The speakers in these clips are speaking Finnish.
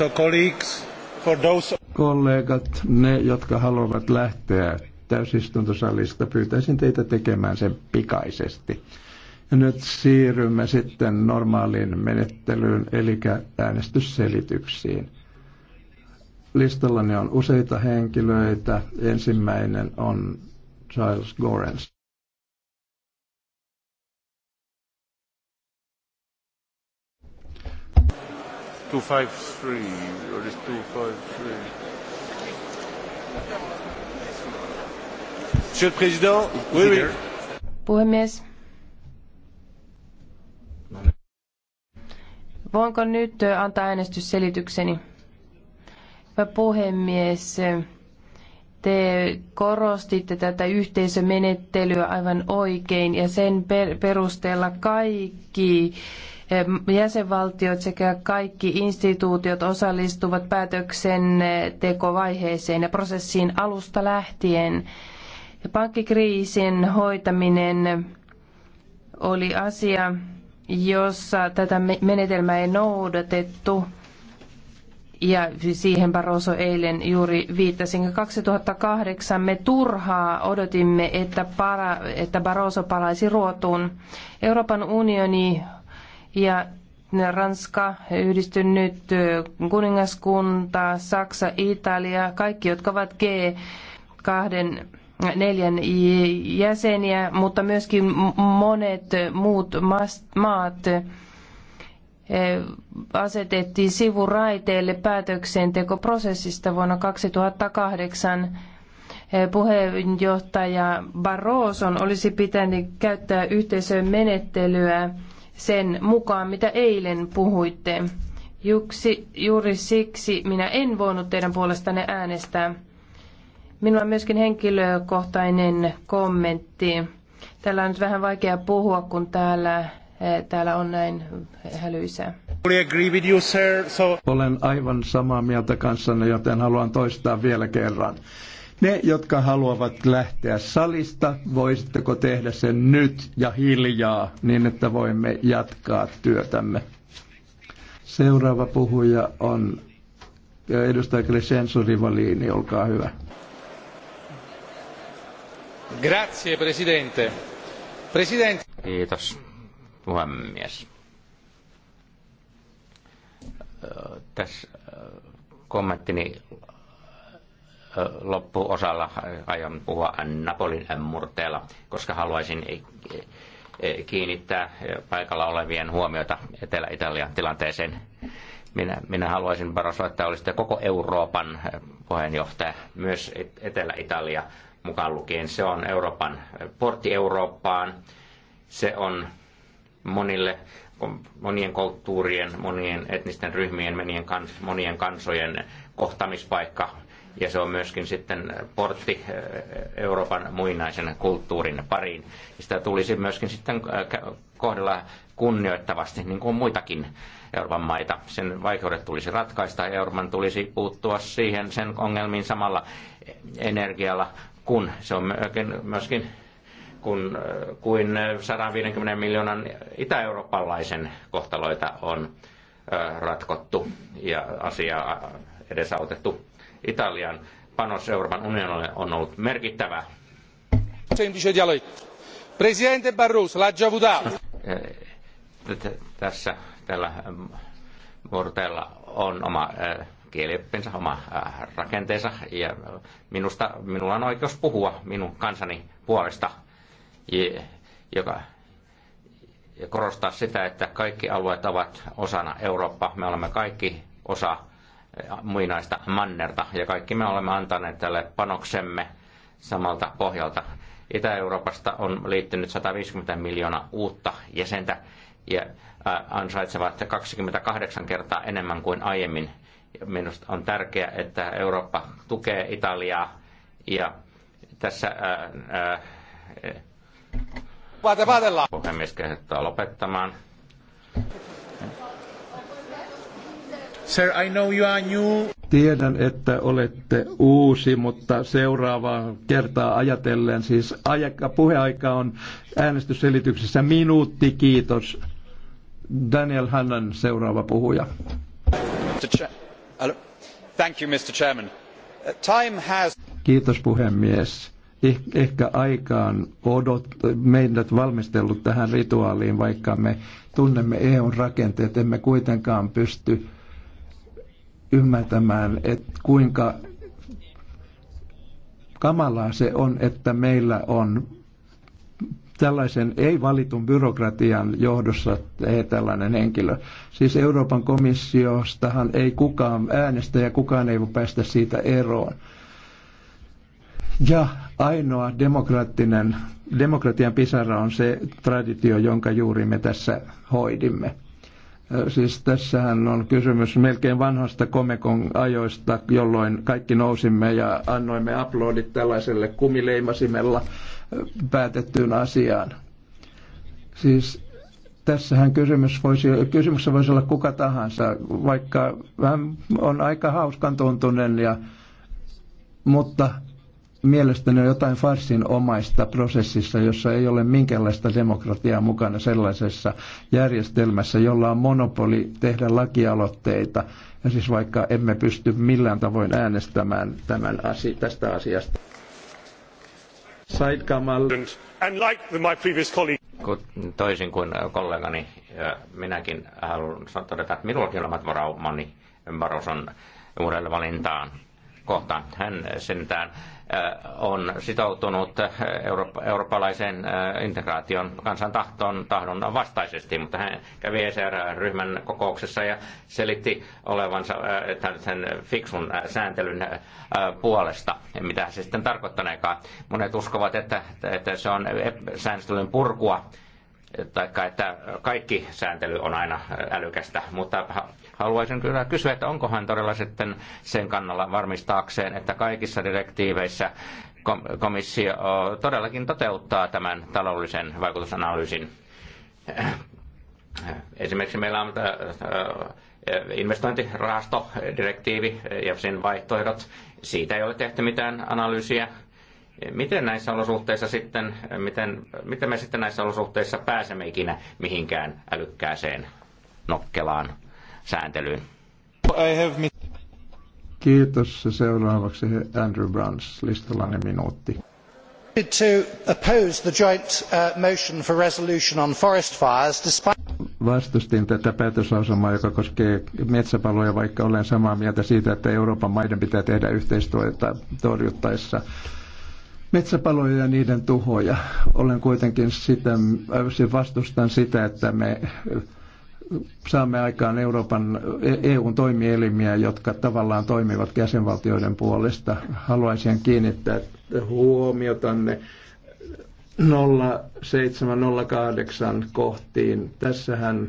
So colleagues, for those... Kollegat, ne jotka haluavat lähteä täysistuntosalista, pyytäisin teitä tekemään sen pikaisesti. Ja nyt siirrymme sitten normaaliin menettelyyn, eli äänestysselityksiin. Listallani on useita henkilöitä. Ensimmäinen on Giles Gorens. Monsieur le Président, Puhemies. Voinko nyt antaa äänestysselitykseni? Hyvä puhemies, te korostitte tätä yhteisömenettelyä aivan oikein ja sen perusteella kaikki jäsenvaltiot sekä kaikki instituutiot osallistuvat päätöksentekovaiheeseen ja prosessiin alusta lähtien. Pankkikriisin hoitaminen oli asia, jossa tätä menetelmää ei noudatettu. Ja siihen Barroso eilen juuri viittasin. 2008 me turhaa odotimme, että, para, että Barroso palaisi ruotuun. Euroopan unioni ja Ranska, yhdistynyt kuningaskunta, Saksa, Italia, kaikki, jotka ovat G2 neljän jäseniä, mutta myöskin monet muut maat asetettiin sivuraiteelle päätöksentekoprosessista vuonna 2008 puheenjohtaja Barroson olisi pitänyt käyttää yhteisön menettelyä sen mukaan, mitä eilen puhuitte. Juksi, juuri siksi minä en voinut teidän puolestanne äänestää. Minulla on myöskin henkilökohtainen kommentti. Täällä on nyt vähän vaikea puhua, kun täällä, eh, täällä on näin hälyisää. Olen aivan samaa mieltä kanssanne, joten haluan toistaa vielä kerran. Ne, jotka haluavat lähteä salista, voisitteko tehdä sen nyt ja hiljaa, niin että voimme jatkaa työtämme. Seuraava puhuja on äh, edustaja Crescenzo Rivalini, olkaa hyvä. Grazie, presidente. Presidente. Kiitos, puhemies. Tässä kommenttini loppuosalla aion puhua Napolin murteella, koska haluaisin e, e, kiinnittää paikalla olevien huomiota Etelä-Italian tilanteeseen. Minä, minä haluaisin Barroso, että olisitte koko Euroopan puheenjohtaja, myös Etelä-Italia mukaan lukien. Se on Euroopan portti Eurooppaan. Se on monille, monien kulttuurien, monien etnisten ryhmien, monien, kans, monien kansojen kohtamispaikka ja se on myöskin sitten portti eh, Euroopan muinaisen kulttuurin pariin. Sitä tulisi myöskin sitten eh, kohdella kunnioittavasti, niin kuin muitakin Euroopan maita. Sen vaikeudet tulisi ratkaista ja Euroopan tulisi puuttua siihen sen ongelmiin samalla energialla, kun se on myöskin kun, eh, kuin 150 miljoonan itä-eurooppalaisen kohtaloita on ratkottu ja asia edesautettu. Italian panos Euroopan unionille on ollut merkittävä. Presidente Barroso, l'ha già Tässä tällä murteella on oma kielioppinsa, oma rakenteensa ja minusta, minulla on oikeus puhua minun kansani puolesta, joka ja korostaa sitä, että kaikki alueet ovat osana Eurooppaa. Me olemme kaikki osa muinaista mannerta ja kaikki me olemme antaneet tälle panoksemme samalta pohjalta. Itä-Euroopasta on liittynyt 150 miljoonaa uutta jäsentä ja ansaitsevat 28 kertaa enemmän kuin aiemmin. Minusta on tärkeää, että Eurooppa tukee Italiaa ja tässä ää, ää, Vaate, vaatellaan. Puhemies kehottaa lopettamaan. Sir, I know you are new. Tiedän, että olette uusi, mutta seuraavaa kertaa ajatellen, siis aika, puheaika on äänestysselityksessä minuutti, kiitos. Daniel Hannan seuraava puhuja. Thank you, Mr. Chairman. Uh, time has... Kiitos puhemies Eh-, ehkä aikaan odot, meidät valmistellut tähän rituaaliin, vaikka me tunnemme EUn rakenteet, emme kuitenkaan pysty ymmärtämään, että kuinka kamalaa se on, että meillä on tällaisen ei-valitun byrokratian johdossa tällainen henkilö. Siis Euroopan komissiostahan ei kukaan äänestä ja kukaan ei voi päästä siitä eroon. Ja ainoa demokraattinen, demokratian pisara on se traditio, jonka juuri me tässä hoidimme. Siis tässähän on kysymys melkein vanhasta komekon ajoista, jolloin kaikki nousimme ja annoimme aplodit tällaiselle kumileimasimella päätettyyn asiaan. Siis tässähän kysymys voisi, kysymyksessä voisi olla kuka tahansa, vaikka hän on aika hauskan tuntunen, ja, mutta mielestäni on jotain farsin omaista prosessissa, jossa ei ole minkäänlaista demokratiaa mukana sellaisessa järjestelmässä, jolla on monopoli tehdä lakialoitteita. Ja siis vaikka emme pysty millään tavoin äänestämään tämän asi- tästä asiasta. Said Kamal. And like my previous colleague. Toisin kuin kollegani, minäkin haluan todeta, että minullakin on omat varaumani Barroson uudelle valintaan kohtaan. Hän sentään äh, on sitoutunut äh, eurooppa, eurooppalaiseen äh, integraation kansan tahton, tahdon vastaisesti, mutta hän kävi ECR-ryhmän kokouksessa ja selitti olevansa sen fiksun sääntelyn puolesta, mitä se sitten tarkoittaneekaan. Monet uskovat, että, että se on sääntelyn purkua, tai että kaikki sääntely on aina älykästä, mutta Haluaisin kyllä kysyä, että onko hän todella sitten sen kannalla varmistaakseen, että kaikissa direktiiveissä komissio todellakin toteuttaa tämän taloudellisen vaikutusanalyysin. Esimerkiksi meillä on investointirahastodirektiivi ja sen vaihtoehdot. Siitä ei ole tehty mitään analyysiä. Miten näissä olosuhteissa sitten, miten, miten me sitten näissä olosuhteissa pääsemme ikinä mihinkään älykkääseen nokkelaan sääntelyyn. Kiitos. Seuraavaksi Andrew Browns listallani minuutti. To oppose the joint uh, motion for resolution on forest fires, despite... Vastustin tätä päätöslausumaa, joka koskee metsäpaloja, vaikka olen samaa mieltä siitä, että Euroopan maiden pitää tehdä yhteistyötä torjuttaessa metsäpaloja ja niiden tuhoja. Olen kuitenkin sitä, äh, siis vastustan sitä, että me saamme aikaan Euroopan, e- EUn toimielimiä, jotka tavallaan toimivat jäsenvaltioiden puolesta. Haluaisin kiinnittää huomiotanne 0708 kohtiin. Tässähän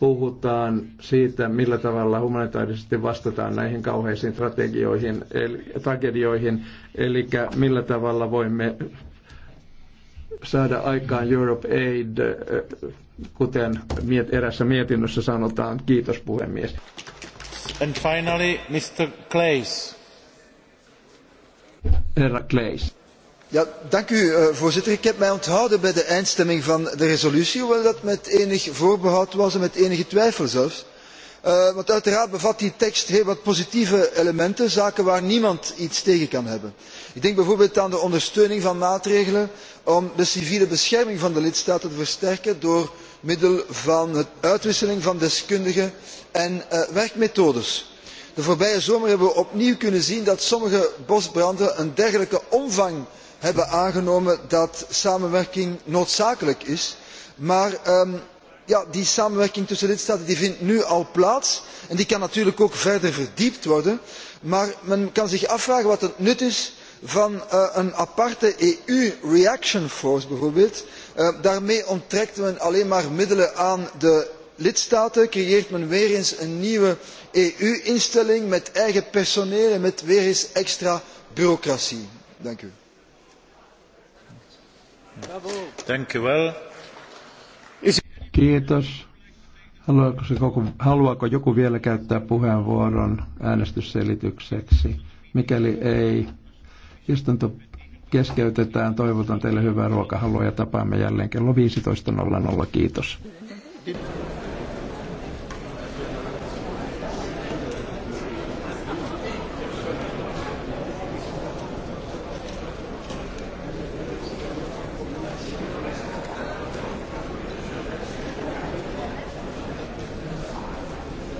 puhutaan siitä, millä tavalla humanitaarisesti vastataan näihin kauheisiin strategioihin, eli, tragedioihin, eli millä tavalla voimme saada aikaan Europe Aid, eh, kuten erässä mietinnössä sanotaan. Kiitos puhemies. And finally, Mr. Clays. Herra Clays. Ja, dank u, eh, voorzitter. Ik heb mij onthouden bij de eindstemming van de resolutie, hoewel dat met enig voorbehoud was en met enige twijfel zelfs. Eh, want uiteraard bevat die tekst heel wat positieve elementen zaken waar niemand iets tegen kan hebben. ik denk bijvoorbeeld aan de ondersteuning van maatregelen om de civiele bescherming van de lidstaten te versterken door middel van de uitwisseling van deskundigen en eh, werkmethodes. de voorbije zomer hebben we opnieuw kunnen zien dat sommige bosbranden een dergelijke omvang hebben aangenomen dat samenwerking noodzakelijk is maar ehm, ja die samenwerking tussen lidstaten vindt nu al plaats en die kan natuurlijk ook verder verdiept worden maar men kan zich afvragen wat het nut is van eh, een aparte eu reaction force bijvoorbeeld. Eh, daarmee onttrekt men alleen maar middelen aan de lidstaten creëert men weer eens een nieuwe eu instelling met eigen personeel en met weer eens extra bureaucratie. Kiitos. Haluaako, se koko, haluaako joku vielä käyttää puheenvuoron äänestysselitykseksi? Mikäli ei, istunto keskeytetään. Toivotan teille hyvää ruokahalua ja tapaamme jälleen kello 15.00. Kiitos.